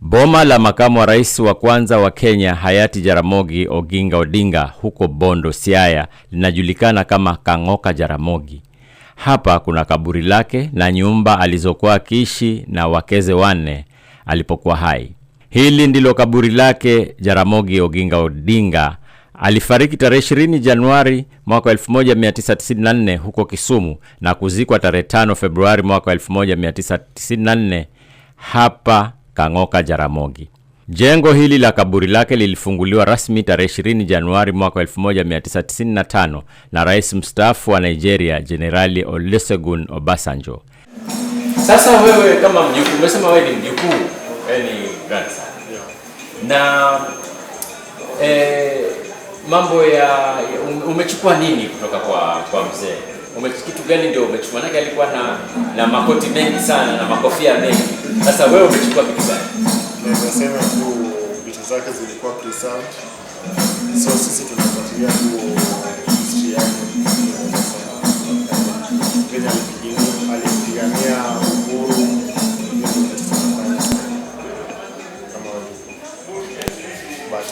Boma la makamu wa rais wa kwanza wa Kenya hayati Jaramogi Oginga Odinga huko Bondo, Siaya linajulikana kama Kang'oka Jaramogi. Hapa kuna kaburi lake na nyumba alizokuwa akiishi na wakeze wanne alipokuwa hai. Hili ndilo kaburi lake. Jaramogi Oginga Odinga alifariki tarehe 20 Januari mwaka 1994 huko Kisumu na kuzikwa tarehe 5 Februari mwaka 1994 hapa Kang'oka Jaramogi. Jengo hili la kaburi lake lilifunguliwa rasmi tarehe 20 Januari mwaka 1995 na rais mstaafu wa Nigeria Jenerali Olusegun Obasanjo. Sasa wewe kama mjukuu, umesema wewe ni mjukuu, ni grandson na eh, mambo ya umechukua nini kutoka kwa, kwa mzee? kitu gani ndio umechukua? Maanake alikuwa na na makoti mengi sana na makofia mengi. Sasa wewe umechukua kitu gani? Naweza sema tu vitu zake zilikuwa preserved, so sisi tunafuatilia tu history yake alipigania uhuru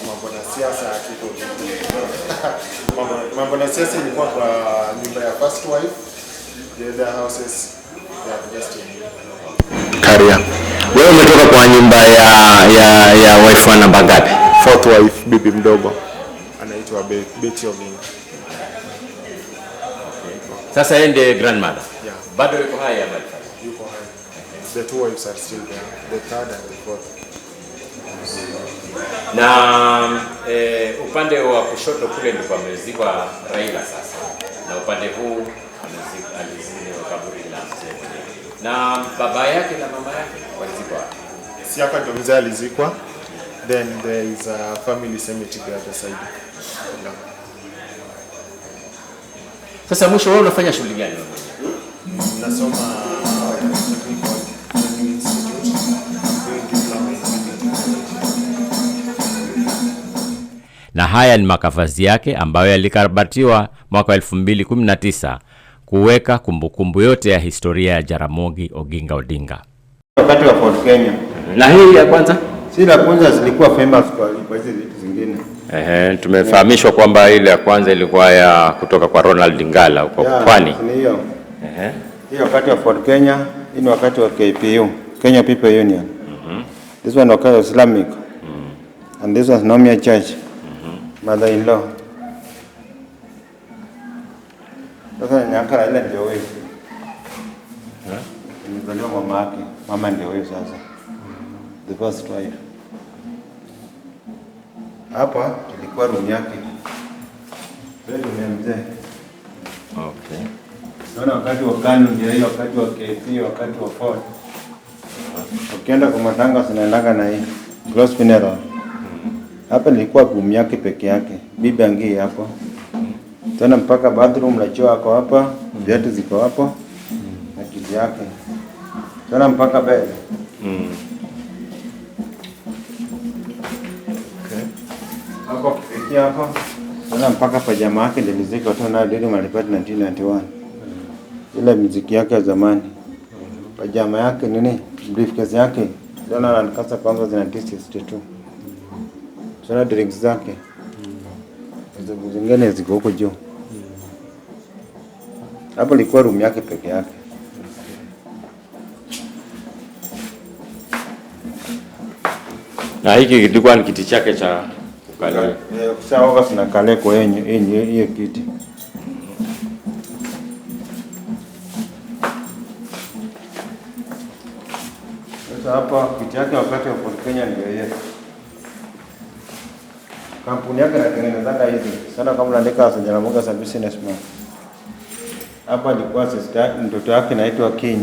mambo na siasa akiko mambo na siasa ilikuwa kwa nyumba ya first wife, the houses ya Justin Karia. Wewe umetoka kwa nyumba ya ya ya wife wa namba ngapi? Fourth wife, bibi mdogo anaitwa Betty Oginga. Sasa yeye ndiye grandmother. Yeah. Bado yuko hai ama yuko hai? The two wives are still there, the third and the fourth. Na e, upande wa kushoto kule ndipo amezikwa Raila sasa, na upande huu alizikwa kaburi la mzee na baba yake na mama yake walizikwa si hapa, ndio mzee alizikwa, then there is a family cemetery the side no. Sasa mwisho, wewe unafanya shughuli gani? Nasoma na haya ni makavazi yake ambayo yalikarabatiwa mwaka 2019 kuweka kumbukumbu yote ya historia ya Jaramogi Oginga Odinga wakati wa Fort Kenya. Na hii ya kwanza si la kwanza, zilikuwa famous kwa hizo vitu zingine. Ehe, tumefahamishwa kwamba ile ya kwanza ilikuwa ya kutoka kwa Ronald Ngala huko yeah, Pwani. Hiyo hiyo wakati wa Fort Kenya, hii ni wakati wa KPU, Kenya People Union. Mhm. Mm This one wakati wa Islamic. Mm And this was Nomia Church mother-in-law sasa nyanka Raila ndio wewe eh? Ndio mama yake, mama ndio wewe sasa the first wife. Hapa ilikuwa room yake ya mzee. Okay. Naona wakati wa KANU ndio hiyo, wakati wa KFC, wakati wa Ford. Uh-huh. Ukienda kwa matanga zinaendanga na hii close funeral hapa nilikuwa room yake peke yake, bibi angie hapo tena mpaka bathroom na choo ako hapa, viatu ziko hapo na kiti yake tena mpaka bed mm. Okay. Hapo kufikia hapo tena mpaka pajama yake ndio muziki watu na Didi Maripati 1991 ile muziki yake ya zamani, mhm. pajama yake nini, briefcase yake tena na kasa kwanza zina 1962 sana drugs zake hizo zingine ziko huko juu mm. hapo, ilikuwa room yake peke yake. Na hiki kilikuwa ni kiti chake cha kukalia. Eh, Sawa, basi nakale kwa yenye hiyo kiti. Sasa hapa kiti yake wakati wa Fort Kenya ndio yeye kampuni yake inatengenezaga hizi sana, kama unaandika Wasonjala Mugasa Business Map. Hapa alikuwa sister mtoto wake naitwa King.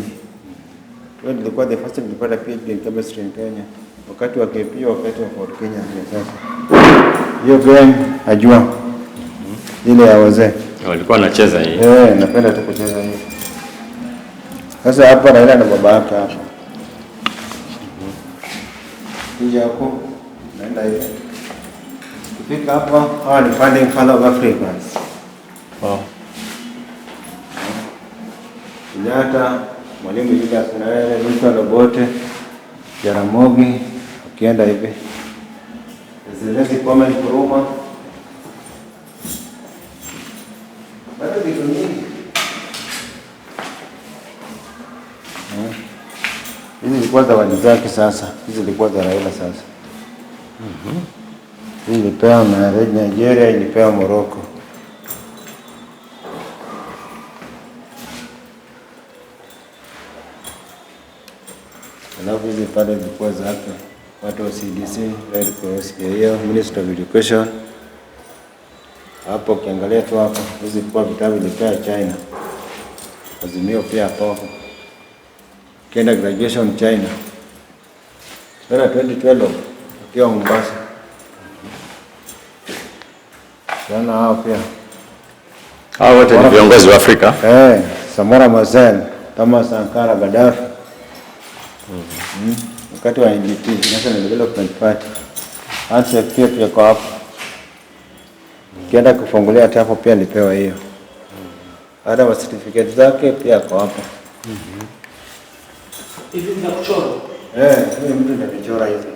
Wewe nilikuwa the first nilipata PhD in chemistry in Kenya. Wakati wa KP wakati wa Fort Kenya ndio sasa. Hiyo game ajua hmm? Ile ya wazee. Walikuwa wanacheza hii. Eh, napenda tu kucheza hii. Sasa hapa Raila na baba yake hapa. Kuja hmm. hapo naenda hivi. Fika hapa, hawa ni founding father of Africa. Wow. Oh. Kenyatta, Mwalimu Julius Nyerere, Milton Obote, Jaramogi, ukienda hivi Excellency Kwame Nkrumah. Bado vitu nyingi. Hizi zilikuwa zawadi zake sasa. Hizi zilikuwa za Raila sasa. Mhm ilipewa Nigeria, ilipewa Morocco. Alafu hizi pale zilikuwa zake watu wa CDC, Red Cross, hiyo Minister of Education. Hapo ukiangalia tu hapo, hizi kwa vitabu vilipewa China, azimio pia hapo, Kenda graduation China sera 2012 ukiwa Mombasa tena hao pia. Hao wote ni viongozi wa Afrika. Eh, Samora Machel, Thomas Sankara, Gaddafi. Mm. -hmm. Wakati wa NDP, National Development Party. Ansa pia pia kwa hapo. Kienda kufungulia hata hapo pia nipewa hiyo. Hata wa certificate zake pia kwa hapo. Mhm. Hivi ndio kuchora. Eh, mtu ndio kuchora hivi.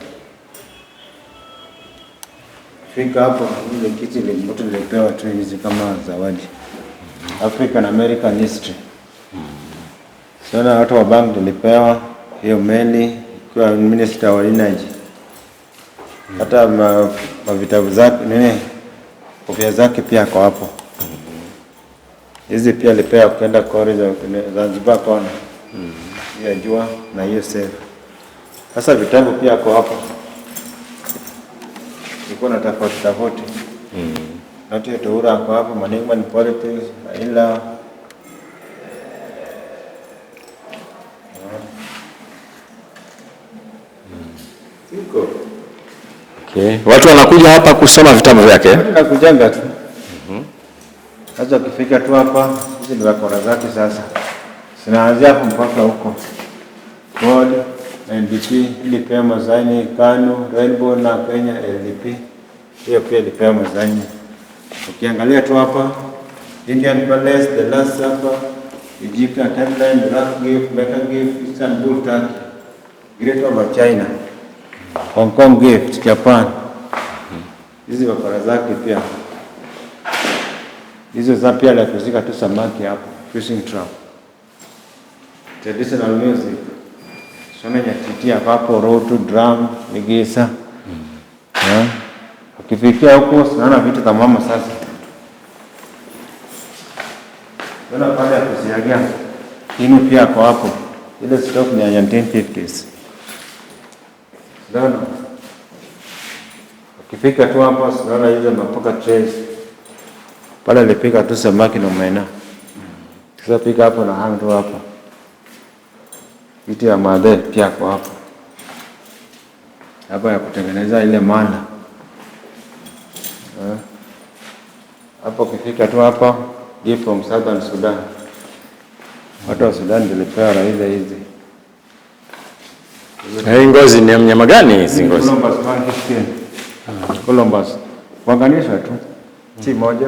Fika hapo ile kiti ile mtu nilipewa tu hizi kama zawadi. African American History. Sana watu wa bank nilipewa hiyo meli kwa minister wa energy. Hata ma, vitabu zake nini kofia zake pia kwa hapo. Hizi pia nilipewa kwenda college Zanzibar kona. Mm. Ya jua na hiyo safe. Sasa vitabu pia kwa hapo tulikuwa na tofauti tofauti kwa mm. akwavo manengo ni politics ila Okay. Watu wanakuja hapa kusoma vitabu vyake. Nakujanga tu mm-hmm. sasa, ukifika tu hapa, hizi ni kora zake sasa, zinaanzia hapo mpaka huko Gold, NDP, pema zaini, kano Rainbow na Kenya LDP hiyo pia ilipewa mwezaini. Ukiangalia tu hapa Indian Palace, the Last Supper, Egyptian timeline, last Gift, Mecca Gift, Istanbul Turkey, Great Wall of China, Hong Kong Gift, Japan. Hizi bakora zake pia hizo za pia la kuzika tu samaki hapo, fishing trap, traditional music shona titi hapo road to drum igisa yeah. Hmm. Ukifikia huko sinaona vitu za mama Sasa ona pale ya kusiagia inu pia kwa hapo, ile stock ni ya 1050 s Ndio. ukifika tu hapo, sinaona hizo mapoka trays pale, alipika tu samaki na umena. kisa pika hapo na hang tu hapo, vitu ya madhe pia kwa hapo hapo ya kutengeneza ile mala hapo ukifika tu hapa from Southern Sudan, watu wa Sudan tulipewa raia hizi. Hii eh, ngozi ni mnyama gani hizi ngozi? Columbus. Wanganisha tu Si moja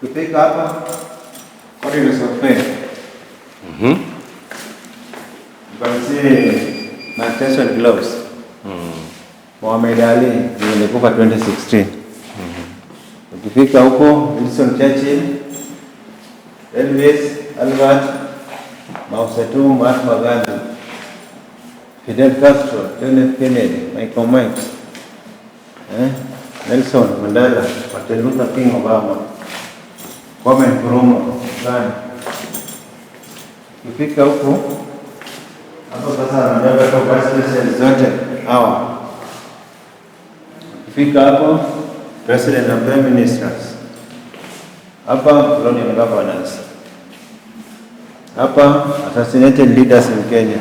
kufika hapa na mhm. Tyson gloves Muhammad mm. Ali nilikufa 2016 Ukifika huko Wilson Churchill, Elvis, Albert, Mao Zedong, Mahatma Gandhi, Fidel Castro, John F. Kennedy, Michael Mike, eh, Nelson Mandela, Martin Luther King, Obama, Kwame Nkrumah, Gandhi. Ukifika huko hapo sasa, anabeba kwa president zote hawa. Ukifika hapo President and Prime Ministers. Hapa colonial and governors. Hapa assassinated leaders in Kenya,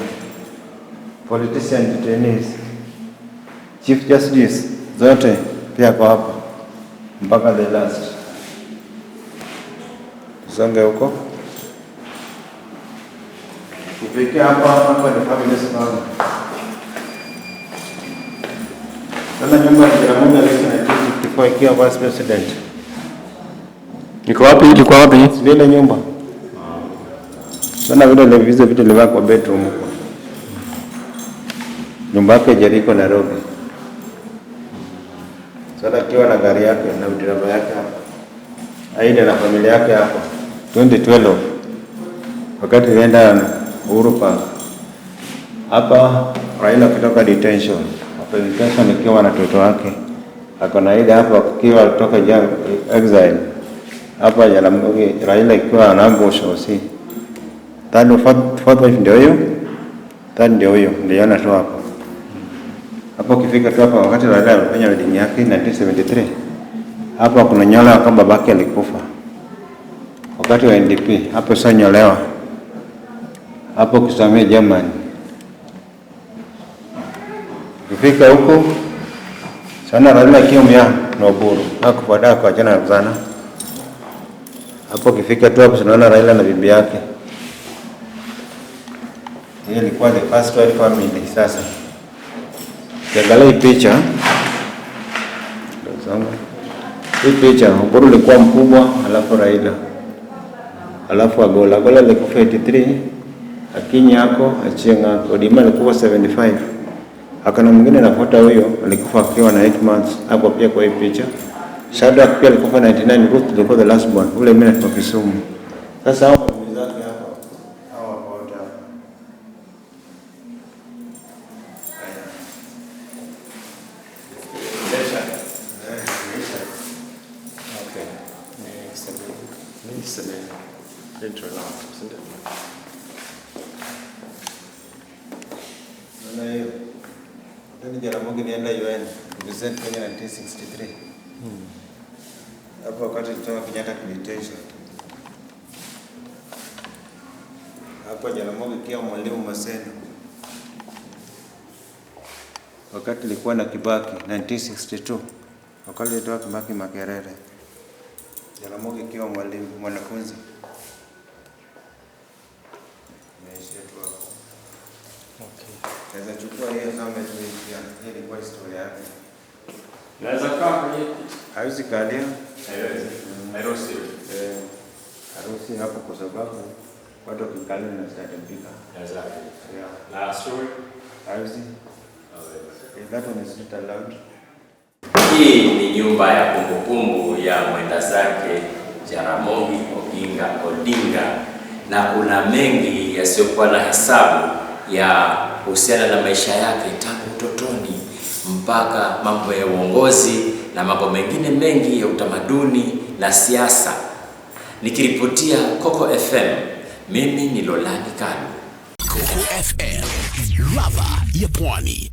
politician detainees, chief justice zote pia kwa hapa mpaka the last. Tusonge huko kufikia hapa, hapa ni family sana. Sasa nyumba ya Mungu alikuwa vice president. Niko wapi? Ilikuwa wapi? Ile nyumba. Sana vile vile vitu vilivaa kwa bedroom huko. Nyumba yake Jeriko Nairobi. Sana kiwa na gari yake na dereva yake hapa. Aida na familia yake hapa. 2012 wakati nenda Uhuru Park. Hapa Raila kutoka detention. Hapa detention akiwa na mtoto wake ako na ile hapa, kukiwa alitoka exile hapa Jaramogi Raila ikiwa anaambush usi tano fourth wife ndio hiyo tano ndio hiyo ndio ana tu hapa hapo kifika tu hapa, wakati Raila alifanya wedding yake 1973 hapa kuna nyola kama babake alikufa wakati wa NDP hapo, sasa nyolewa hapo kisamia Germany kifika huko kana lazima kiumya na Uhuru akupadaku kuachana sana hapo. Kifika tu hapo tunaona Raila na bibi yake, hiyo ilikuwa the first world family. Sasa kiangalia hii picha, hii picha Uhuru ilikuwa mkubwa, alafu Raila, alafu Agola. Agola ilikuwa 83, Akinyi yako Achieng' yako Odinga alikuwa 75 Hakuna mwingine anafuata huyo, alikufa akiwa na 8 months, hapo pia kwa hii picha. Shadrach pia alikufa 99, Ruth alikuwa the last one, Ule mimi na Kisumu. Sasa hao ndugu zake 63 hapo wakati kutoka Kenyatta kulitesha hapo Jaramogi kia Mwalimu Maseno wakati ilikuwa na Kibaki 1962 wakati ilitoa Kibaki Makerere Jaramogi ikiwa mwalimu mwanafunzi Okay. Naweza chukua hiyo kama ilikuwa historia yake. Naweza kaa kwenye hawezi kalia, haiwezi harusi. Mm. Eh, hapo, kwa sababu watu wakikalia na zitatampika. Exactly. Yeah. Na story hawezi. Oh, eh, hawezi. Hii ni nyumba ya kumbukumbu ya mwenda zake Jaramogi Oginga Odinga, na kuna mengi yasiyokuwa na hesabu ya kuhusiana na maisha yake tangu utotoni mpaka mambo ya uongozi na mambo mengine mengi ya utamaduni na siasa. Nikiripotia Coco FM, mimi ni Lolani Kanu. Coco FM, ladha ya Pwani.